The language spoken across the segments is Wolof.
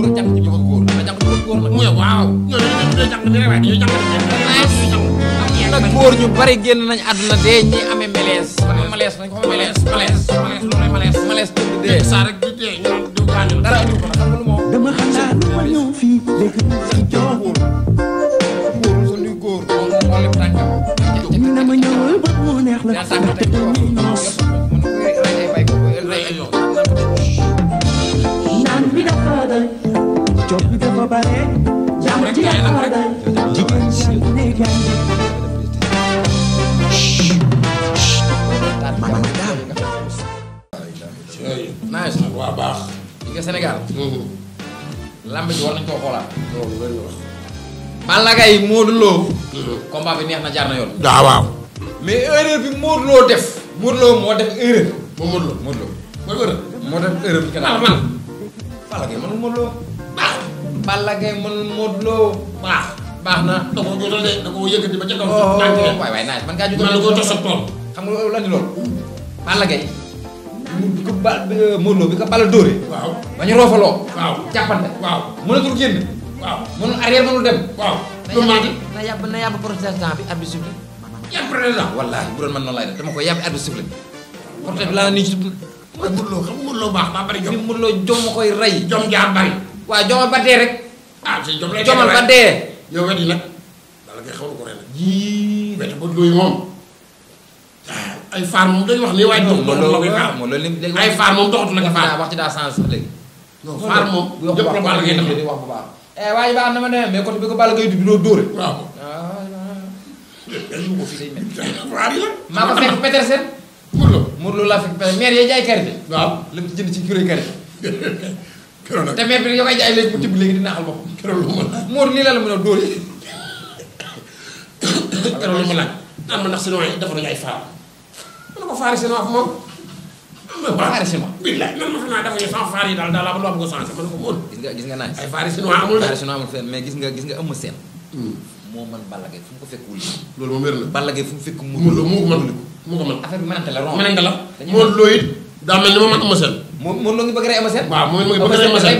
góor jàng ci bëgg góor dama jàng bëgg góor nag mu ne waaw ñoo dañu jàng di rek ñu jàng nag góor ñu bari génn nañ àdduna dee ñi amee melees melees nañ ko melees melees melees loolu melees melees tëdd dee saa rek di dee ñu du gaañu dara andi ko xam nga lu moo dama xam naa lu ma ñëw fii léegi ci jox góor góor sa nuy góor wala tànkam ñu ne ma ñëwal ba mu neex la bale jàmm ji yàlla rek Mama Madam. Nice nag waa baax. Gis nga Sénégal. Lamb ji war nañ lay wax. Gaye Combat bi neex na jaar na yoon. waaw. Mais bi def. Modou Lo def erreur. Moom Modou Lo Modou def bi. man. man Balla Gaye mën bah Lo na da ko de ko ya waay waay naaj man kaa jógal man ko jox sa tool xam lan di loolu bi ko Lo bi ko Balla dóore waaw bañu roofaloo waaw jàppante waaw arrière dem waaw na yàbb na yàbb président bi arbitre sifflé yàbb président wallaahi bu man noonu lay def dama ko yàbb arbitre sifflé porte bi laa ci Modou xam bari jom Modou jom koy jom jaar bari waaw jomal ba dee rek. ah si jomal yow wet nag bala ngay xaw ko rek nag. yii wetu bët yooyu moom ay faar moom dañuy wax ni waaye. moom loolu moom lim ay faar moom doxatu nag faar wax ci daa sens sax léegi. non faar moom yëpp la baal eh, ko Balla Gaye di doo dóore. Ah, maa ko fekk Petersen. Mourlo Mourlo laa fekk Petersen maire yaay jaay karité. waaw lim ci jënd ci kuré karité. keroog nag te maire bi dañoo koy jaay léegi bu tibb léegi di naaxal boppam. keroog lu mu laaj Mor lii la la yi. keroog lu ay faar. ko faari sinon ak moom. waaw faari man naa a changé mën na ko mën. gis nga gis nga naan ay faari sinon amul faari sinon amul gis nga gis nga ëmm seen. moo man Balla Gaye fu mu ko fekk wul. loolu moom wér na Balla Gaye mu fekk mu. mu mu man ko man affaire bi mënante la romb mënante la. dañuy daa mel ni moom man am na seen. moom moom la nga bëgg a rey am na seen. waaw moom la nga a rey na seen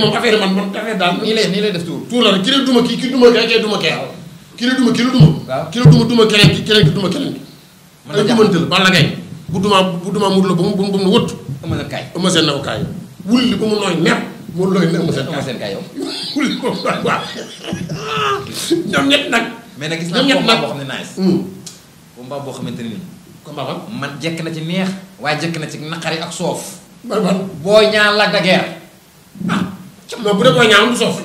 moom affaire man man rek ki na jàpp na kaay am na seen na ko kaay. wulli ba mu nooy nepp. Modou na seen nag. ñoom ñett nag mm. ni combat ban man jekk na ci neex waaye jekk na ci naqari ak soof ban ban boo ñaan la da guerre ah ci non bu dee boo ñaan du soof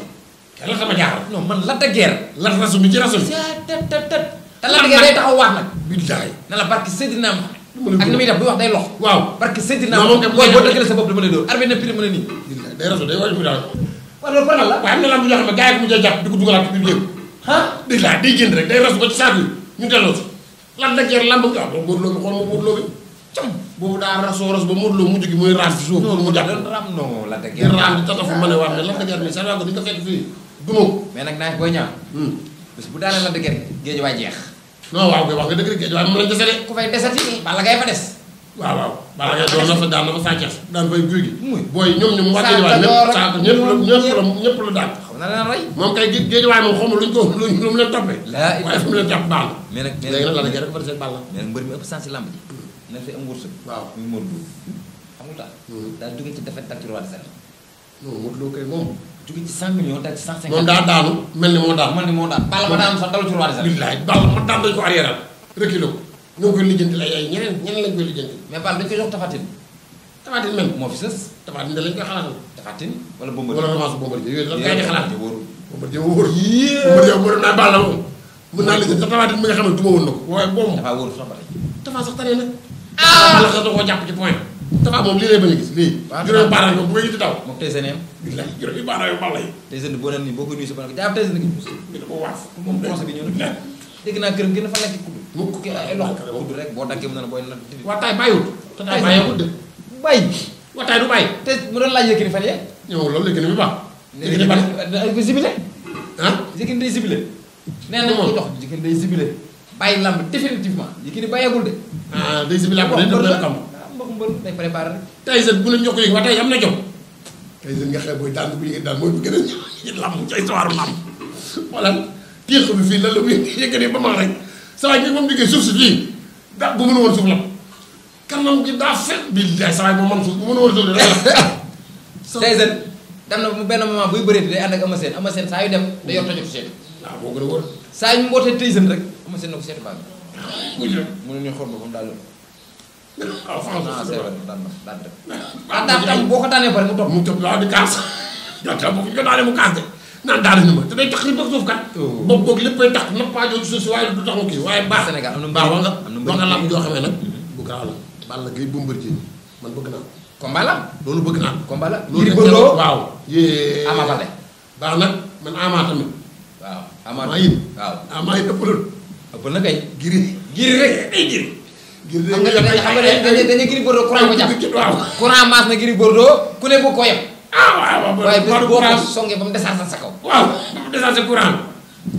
yàlla sama jaar non man la da guerre la rasu mi ci rasu mi tat tat tat la guerre taxaw waat nag billahi na la barki seydina mohammed ak ni muy def bu wax day lox waaw barke seydina moom boy bo dëgg la sa bopp dama lay door armée na pire mu ne nii day rasu day wajju daal wa loolu kon la wa am na lamb yoo xam ne gaay ak mu jël jàpp di dugalat ci ha billahi day jënd rek day rasu ba ci saatu ñu delloo la de Guiers lamb nga ko Modou Lo ko mo ma Modou Lo bi cam boobu daa ras soros ba Modou Lo mu gi moy raam so ko mu jàpp ram no la de Guiers ya. raam ta tatafu ma ne waat ne Lac de Guiers mi sa ya, ko di nga fi fii gumóo mais nag naa koy ñaan bis bu da la de Guiers géej waay jeex no waaw koy wax nga dëgg rek wa mo moom lañ desale ku fay desati la gay fa des waaw waaw la gay do na fa daan na fa sàcceef daan fay guy gi booy ñoom ñoom wàcce waay ñëpp ñepp ñepp la daan dana leen rey. moom kay géej waaye moom xawma luñ ko luñ lu mu leen toppee. laa waaye fi mu leen jàpp baal. mais nag mais nag léegi nag Lac de Guiers rek bëri seen baal la. mais nag mbër mi ëpp sens si làmb ji. na fi am wërsëg. waaw muy Modou Lo. xam nga hmm. daal. daal jóge ci defet tak ci roi des arènes. non Modou Lo kay moom. jóge ci 100 millions daal ci 150. moom daa daanu mel ni moo daan. mel ni moo daan Balla ma daanu sax dalu ci roi des arènes. billaay Balla ma daan dañ ko arrière reculé ko. ñoo koy lijjanti la ay ñeneen ñeneen lañ koy lijjanti. mais Balla dañ koy jox Tapha Tine. Tapha Tine même moo fi sës. Tapha Tine lañ koy xalaatal Tafatine wala Bombardier. wala avance Bombardier yooyu lan ngay xalaat wóorul. Bombardier wóorul. yéen wóorul naa baal la moom. mën naa liggéey Tafatine mi nga xam ne duma woon na ko. tey. Tafa na. ah la a gis lii. bu may yëngu boo nee nii boo ko nuyu si banako jaaf tey seen gi. bi da naa këram gën a fa nekk kudd. mu kii ay loxo kudd rek boo dakkee mu ne la booy la. waaw tay bàyyiwul. tay bàyyiwul de bàyyi waxtaay du bàyyi. te mu doon laaj Yékini fan yee. yow loolu Yékini bi baax. Yékini ban day zibilé. ah Yékini day zibilé. nee na mu dox Yékini day zibilé. bàyyi lamb définitivement Yékini bàyyeegul de. ah day zibilé am day def xam mbokk mbër day préparé rek. tey jii bu leen ñokk yëg waaye tey am na jom. tey jii nga xam ne booy daan bu yëg daal mooy bu gën a ñëw lamb ci histoire lamb wala téex bi fii lan la muy Yékini ba ma rek saa yi moom liggéey suuf si fii da bu mën a woon suuf lamb kanam gi daa fet bi day saa yi man bu mën a war de. dem na mu benn moment buy bëreeti day ànd ak ama seen saa yu dem day yor tojatu seen. Ah, a wër. saa yu ñu mbootee Tyson rek ama seen ah, ah, na ko seetu baax mu ba comme daal la. ah Franc Seydou boo ko daanee pare mu topp. mu topp waaw di kaas daan tam boo ko daanee mu kaas de naan daal ñu ma te day tax li bëgg suuf kat. Oh. bopp boog léppay tax noppaa suuf si waaye du tax mu waaye baax. Sénégal am na mbaa nga am na mbaa nga lam joo xamee nag mm-hmm. bu gaaw Balla Gaye Bombardier man bëgg naa combat la loolu bëgg naa combat la aman bëgg waaw yee ama balé aman? aman man ama tamit waaw ama ma waaw ama yit ëppul ëppul na kay giri giri rek ay giri giri rek nga jàpp aman nga dañu giri bordo courant ko jàpp courant maas na giri bordo ku ne bu ko yem ah waaw waaw waaye bés boo ko songee sa kaw waaw ba mu sa courant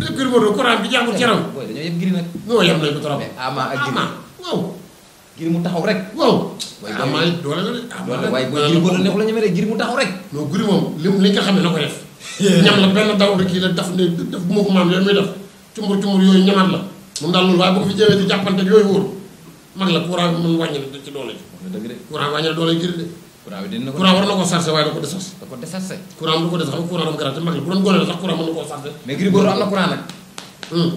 lépp giri bordo courant bi jàngul ci raw aman, yem giri nag non yem nañ ko trop ama ak giri waaw ngir mu taxaw rek. waaw ah maa ngi doole la de ah maa waaye booy ngir góor la neex la ñeme rek ngir mu taxaw rek. non guddi moom lim li nga xam ne la ko def. ñam la benn daw rek kii la daf ne daf bu ma ko maam yooyu muy def cumbur cumbur yooyu ñamaat la mun daal loolu waaye boo ko fi jëwee di jàppante ak yooyu wóor mag la courant bi mun wàññi na ci doole ji. dëgg de courant wàññi na doole ji de. courant bi dina ko courant war na koo sarse waaye da ko desas. da ko desas courant bi da ko desas xam nga courant am garaate mag la bu doon gone la sax courant mën na koo sarse. mais ngir góor am na courant nag. Hmm.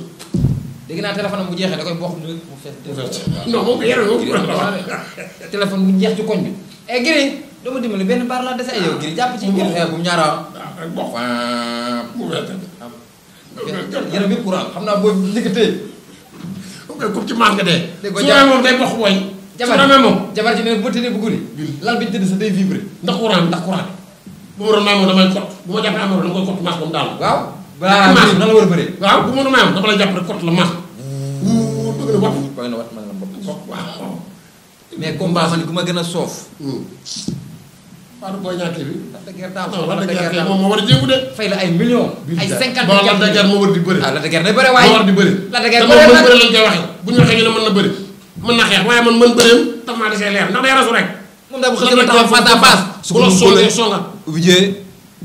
léegi naa téléphone bu jeexee da koy bokk jeex ci koñ bi. et eh, giri doo ma dimbali benn baar laa dese ay yow giri jàpp ci giri bu ah, ah, mu ñaara. yaram yëpp courant xam naa boo njëkkatee. ok comme ci maas nga dee. moom day bokk booy. jabar ji ne bu tëddee bu guddi. lal bi tëdd sa day vibré. ndax courant ndax courant bi. bu ma doon maay moom damay kot bu ma jàppee amoon dama koy kot maas moom daal waaw waaw maas na la war a bëree. waaw bu mënu maam dafa la jàpp rek kott la maas. wuu bëgg na bopp. bëgg na wat man la bopp. waaw mais combat man ku ma gën a soof. Fatou Boy Niang bi. Lac de Guiers daa soof Lac de Guiers moom moo war a jéegu de. fay la ay millions. ay cinquante millions Lac de Guiers moo war di bëri. ah Lac de Guiers day bëri waaye. moo war di bëri. Lac de Guiers bëri man bëri lañ koy waxee. bu ñu waxee ñu ne mën na bëri. mën na xeex waaye man mën bëreem tax maa desee leer ndax day rasu rek. moom daal bu xëy na taxaw face à face. su ko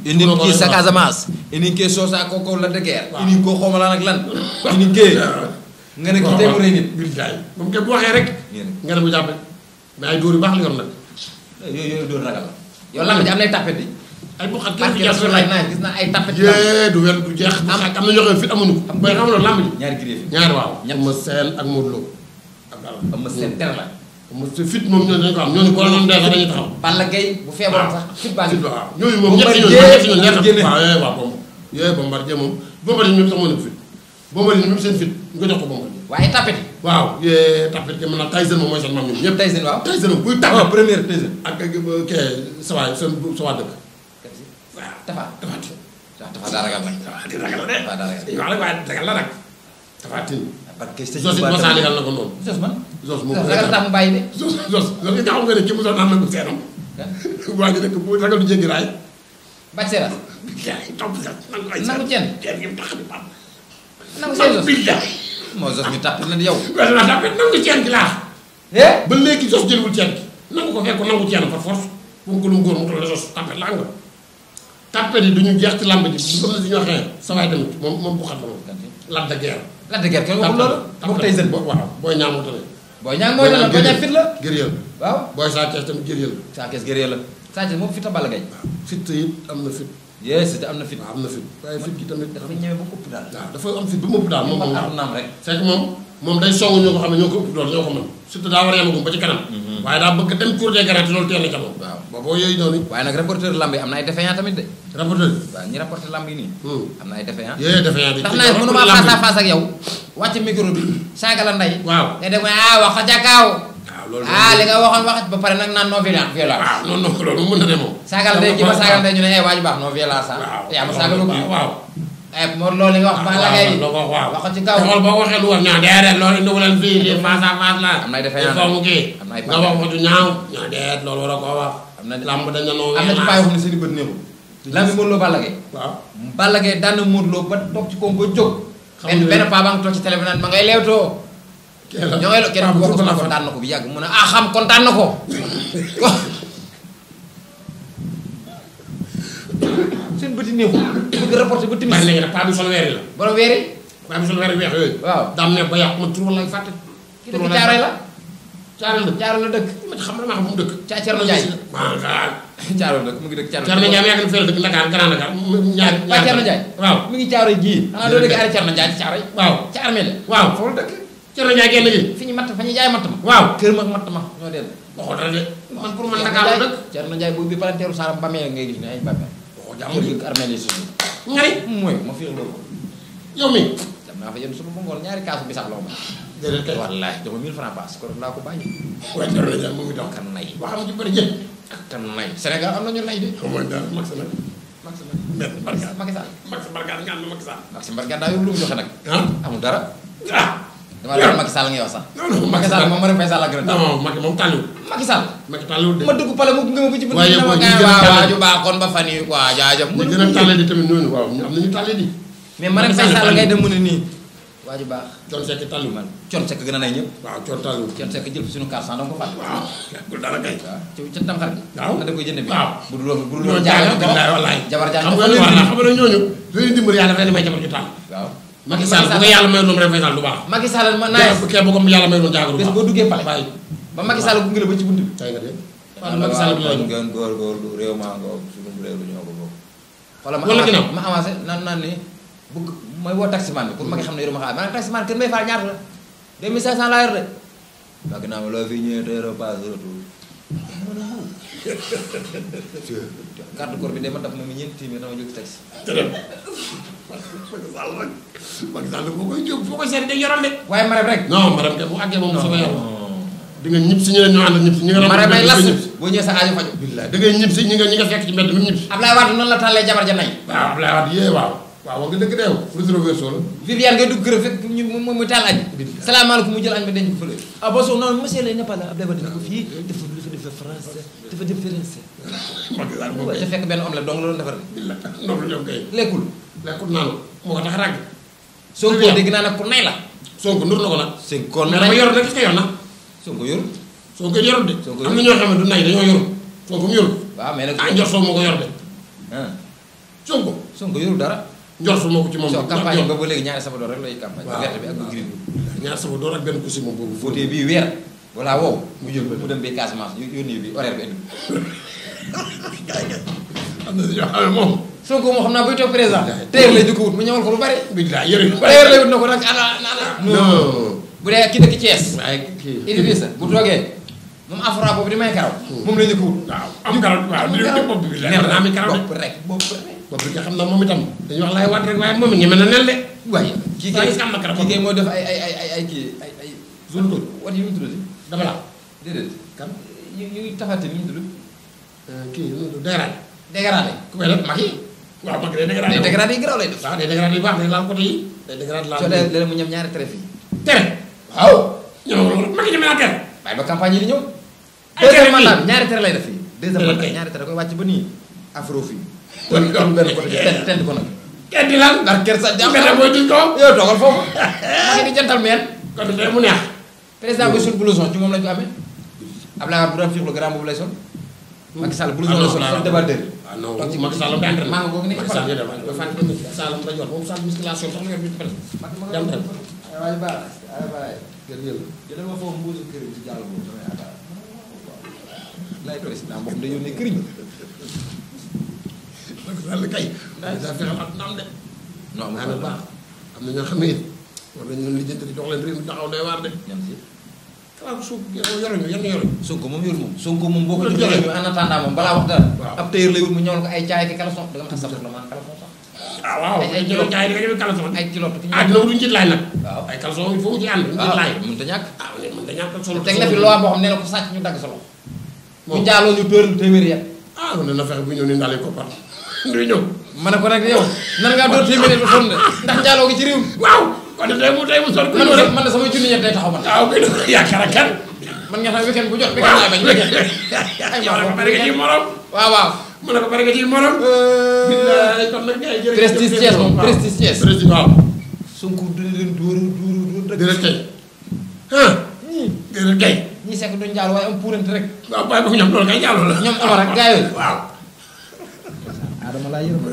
Ini ki sa casamance inin ki so sa koko la ya? guerre inin ko xomala nak lan Ini ke nga ne ki tay mo nit billahi mom ke waxe rek nga ne bu japp mais ay bax li yor nak yo yo do ragal yo lam ci iya, am lay tapet di ay bu xat ki jassu lay na gis na ay tapet ye du wel du jeex am am na joxe fi amunu bay xam lo lamb ñaar grief ñaar waaw ñam sel ak modlo am sel ter la moom te fit moom ñooñu dañ ko am ñooñu ko doon dee sax dañuy taxaw. Balla Gaye bu feebaroon sax fit baa ngi. waaw ñooñu moom ñett ñooñu ñett ñooñu ñett waaw yooyu waaw bomba yooyu Bombardier moom Bombardier ñoom sax moo nekk fit Bombardier ñoom seen fit ñu ko jox ko Bombardier. waaye tapet yi. waaw tapet yi maanaam Tyson moom mooy seen maam ñoom ñëpp. Tyson waaw Tyson moom kuy tapet. waaw oh, première Tyson ak kii sa waay seen sa waa dëkk. waaw Tafa Tafa Tine. waaw Tafa daa ragal nag. waaw di ragal de. waaw daa ragal waaye ragal la nag Tafa Tine parce que sëñ Jos it mosaan yàlla na ko noonu. Jos man Jos moom ragal na tax mu bàyyi de. Jos Jos Jos it xam nga ne kii mosaan am na ko seenam. waa ji nag bu ragal du jéggi raay. bàcc seera. bilaay topp sax nangu ay. nangu ceen ceen gi Jos bilaay. moo eh? Jos ñu tàpp na yow. waaw waaw tàpp nangu ceen ba léegi Jos jëlwul ceen gi. ko fekk nangu ceen par force bu mu la Jos tàppet la nga. tàppet yi duñu jeex ci làmb ji bu ko la waxee sa waay tamit moom moom bu xam la moom. laaj de guerre Lac de Guiers kenn waxul loolu. Sa Thiès la. a Balla Gaye. na fit. yes na fit. waaw am na fit waaye mu ëpp daal moom moom am naam rek. c'est que moom moom day song ñoo ko xam ne ñoo ko ëpp doole ñoo ko mën surtout daa war a yemagum ba ci kanam. Mhm. waaye daa bëgg dem cour des garanties loolu teel na ca moom. waaw boobu noonu. waaye nag reporteur lamb yi am na ay défaillants tamit de rapporteur waaw ñi rapporté lamb yi nii. Hmm. am na ay défaillant. yooyu défaillant bi ndax naa mënuma face à face ak yow. wàcc micro bi saaga la waaw nga dem ah wax ca kaaw. waaw loolu ah li nga waxoon wax ba pare nag naan non violence violence. waaw non non loolu mën na demoo. saagal ndey gi ma saagal ndey ñu ne eh waaju baax non violence ah. waaw yaa ma saagalu ko waaw. eh Mor loolu li nga wax ba la ngay. waaw waaw wax ci kaw. xool boo waxee lu wax nah, ñaa déedéet loolu indi wuleen fii lii face à face la. am na ay défaillant mu kii. am na nga wax ko ci ñaaw. ñaa déedéet loolu war a wax. Nah, am lamb dañ na noo. am ci paay wax seen i bët lan bi Modou Lo Balla Gaye waaw Balla Gaye daan na Modou ba toog ci koom ba jóg benn benn paa baa ngi toog ci télé ma ngay leewtoo ñoo ngay kenn bu wax ko daan ko mu ne ah xam kontaan na ko seen bëti néew bëgg rapporté ba timis maa léegi paa bi sol weeri la borom weeri paa bi sol weeri weex yooyu waaw daam ne ba yàqu ma tur lay ma mu dëkk caacar na jaay cara dëkk mu ngi dëkk caaro Thierno Ndiaye yaakaar fële dëkk Dakar Grand Dakar ñaar ñaar Thierno Ndiaye waaw mi ngi caaro ji xanaa doo dëkk aare Thierno Ndiaye ci waaw ci armée waaw foofu dëkk Thierno Ndiaye génn gi fi ñu matt fa ñu jaay matt ma waaw kër ma matt ma ñoo del waxoo dara de man pour man Dakar la dëkk Thierno Ndiaye boobu bi palanteeru saaram bamee ngay gis ay bamee waxoo jàmm di dëkk armée ma fi yow mi fa suñu ñaari kaasu bisax ma wallahi dama 1000 francs pass ko ko dox kan nay waxam ci ak tam lay Sénégal am na lay de. xaw ma max la. max la benn mbargaan Macky Sall. max mbargaan nga am na Macky max mbargaan daa yóbbu lu joxe nag. ah amul dara. dama la Macky Sall nga yow sax. non non Macky Sall moom Marième Faye Sall la gën non de. ma dugg ko ci waaw ju ba quoi jaajam. di tamit waaw am nañu di. mais ngay dem waaju baax cion sekk talu man cion sekk gëna nay ñepp waaw cion talu cion sekk jël suñu carte sans donc ko fatte waaw gul dara kay ci ci tam xar gi waaw da koy jënd bi waaw bu dul bu dul jaay ko billahi wallahi jabar jaay xam nga xam nga ñooñu lay dimbal yalla dafa may jabar ju tal waaw Macky Sall bu ko yalla may non rek fay sal du baax Macky Sall man naay bu ke bu ko yalla may non jaagu bes bo duggé palé ba Macky Sall bu ngeul ba ci buntu tay nga dem Macky Sall bu ñu gor gor lu rew ma ngor suñu rew lu ñoko bok wala ma avancé nan nan ni bu mooy woo taximaan bi pour ma nga xam ne yoruma xaalis maanaam taximaan kër may faal ñaata la 2500 laa yor de. ma loo bi de ma daf ma mi ñeenti téeméer dama jóg taxi. Macky Sall boo koy jóg foo ko seet day yoral de. waaye Marème rek. non Marème de bu àggee moom sama yor. di ne ñoo si ñi nga. Marème lay las boo ñëwee si ñi nga fekk ci mbedd mi ñib si. Ablaye Wade noonu la tàllee jabar ja nay. waaw Ablaye Wade yee waaw. waaw wax nga dëgg deew rétroversion la Viviane ngay dugg kër fekk ñu moom mu taal añ salaamaaleykum mu jël añ ba denc ko fële ah bon so non monsieur le Népal Abdoulaye Wade ko fii dafa dafa defe français dafa def français te fekk benn homme la donc la doon defar noonu la ñoom kay lekkul lekkul naanu moo ko tax ràgg Sonko dégg naa nag ku nay la Sonko nur na ko nag Sonko nay dafa yor nag gis nga yor na Sonko yorul Sonko yorul de am na ñoo xam ne du nay dañoo yorul Sonko mu yorul waaw mais nag ah njor soo moo ko yor de ah. Sonko Sonko yorul dara jox moo ko ci moom. jox campagne bi ba ba léegi ñaari sama rek lay campagne. waaw verte bi ak bu gris bi. ak benn kusi moom boobu. footee bii bi Casamance yónnee bi bi indi. am na bi daal bu dee ki dëkk Thiès. waaye kii Idrissa bu toogee. moom afra boobu di may karaw. Hmm. moom lay di waaw am karaw waaw li bi la. neex na bopp rek bopp kooku nga xam na moom itam dañuy wax laay waat moom ñeme na nel de. waaye kii kay kii kay mooy ay ay ay ay kii ay ay. yi mu euh, kii nu mu tudd dégradé. dégradé ku mel ne mag yi. waaw yi garaaw lay def. waaw day dégradé yu baax day laal côté yi. day dégradé laal côté yi soo dee mu ñam ñaari traite yi. tere waaw. ñoo ñeme naa tere. waaye ba campagne yi di ñëw. ay ñaari tere lay def fii. deuxième ñaari tere koy wàcc ba nii afro fii kon kon benn côté ten ten ko nag. ten di lan ndax sa jàmm. gerte mooy ci kaw yow toogal foofu. maa ngi di jantal meen. kon tey mu neex. bi suñu blouson ci moom lañ ko amee. Abdoulaye Wade bu doon fiixlu grand boobu lay sol. Macky Sall blouson la sol sol débatteur. ah non Macky Sall daa entraîné. maa ngi ko nekk Macky Sall daa entraîné. Fane Fane Sall moom Sall mu si naa moom la kay. daa fexeel àdduna am de. moom yor moom. moom boo ko joxee yoroñu moom balaa wax ab tëyër lay wut mu ñëwal ko da nga xam sax la man caleçon sax. ah waaw ay kilo caay di nga demee caleçon. ay kilo ah, nag. waaw ay caleçon il faut ñu ci a ñàkk ah, a solo. ko moom jaaloo ñu dóor téeméeri yat. ah ne na fexe bu ñëw ne ndalee ko par du ñëw. ma ne ko nag yow nan ngaa doon téeméer ba sonn ndax njaaloo gi ci réew mi. waaw kon tey mu tey mu sonn. ku ñëw rek man de sama junni ñett day taxaw man. waaw kay yaakaar ak kan. man nga xam weekend bu jot. waaw waaw weekend laay bañ. ay ma ne ko bari nga ci morom. waaw waaw. ma ne ko bari nga ci morom. Euh, bilaay kon nag gars yi jërëjëf. Prestige Thiès moom Prestige Thiès. Prestige waaw. Sonko dina leen dóor dóor dóor. dina kay. ah. dina kay. ñi sekk duñ jaal waaye am puurante rek. waaw bàyyi ba ko ñoom loolu kay jaaloo la. ñoom Amara ak gars yooyu waaw adama laa yërëm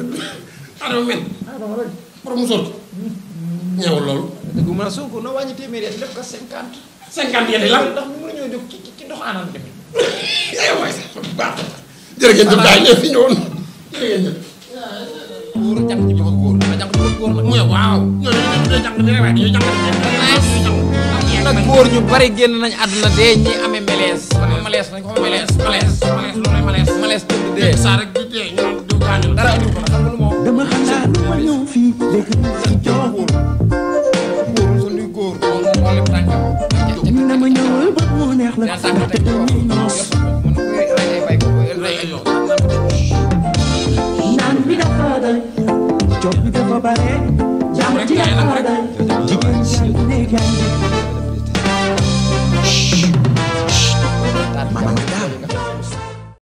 adama wen adama rek pour mu sol ñëw loolu dëggu ma sonko na wàññi téeméeri at def ko cinquante cinquante yéen lan ndax mu mën ñoo jóg ci ci dox anam dem ay waay sax baax jërë ngeen jëf daay fi ñëwoon jërë ngeen jëf góor jàng ci bëgg góor dama jàng bëgg góor nag mu waaw ñoo dañu jàng dina waay dañu jàng nag góor ñu bari génn nañ àdduna dee ñi amee melees melees nañ ko melees melees melees loolu melees melees tëdd dee saa rek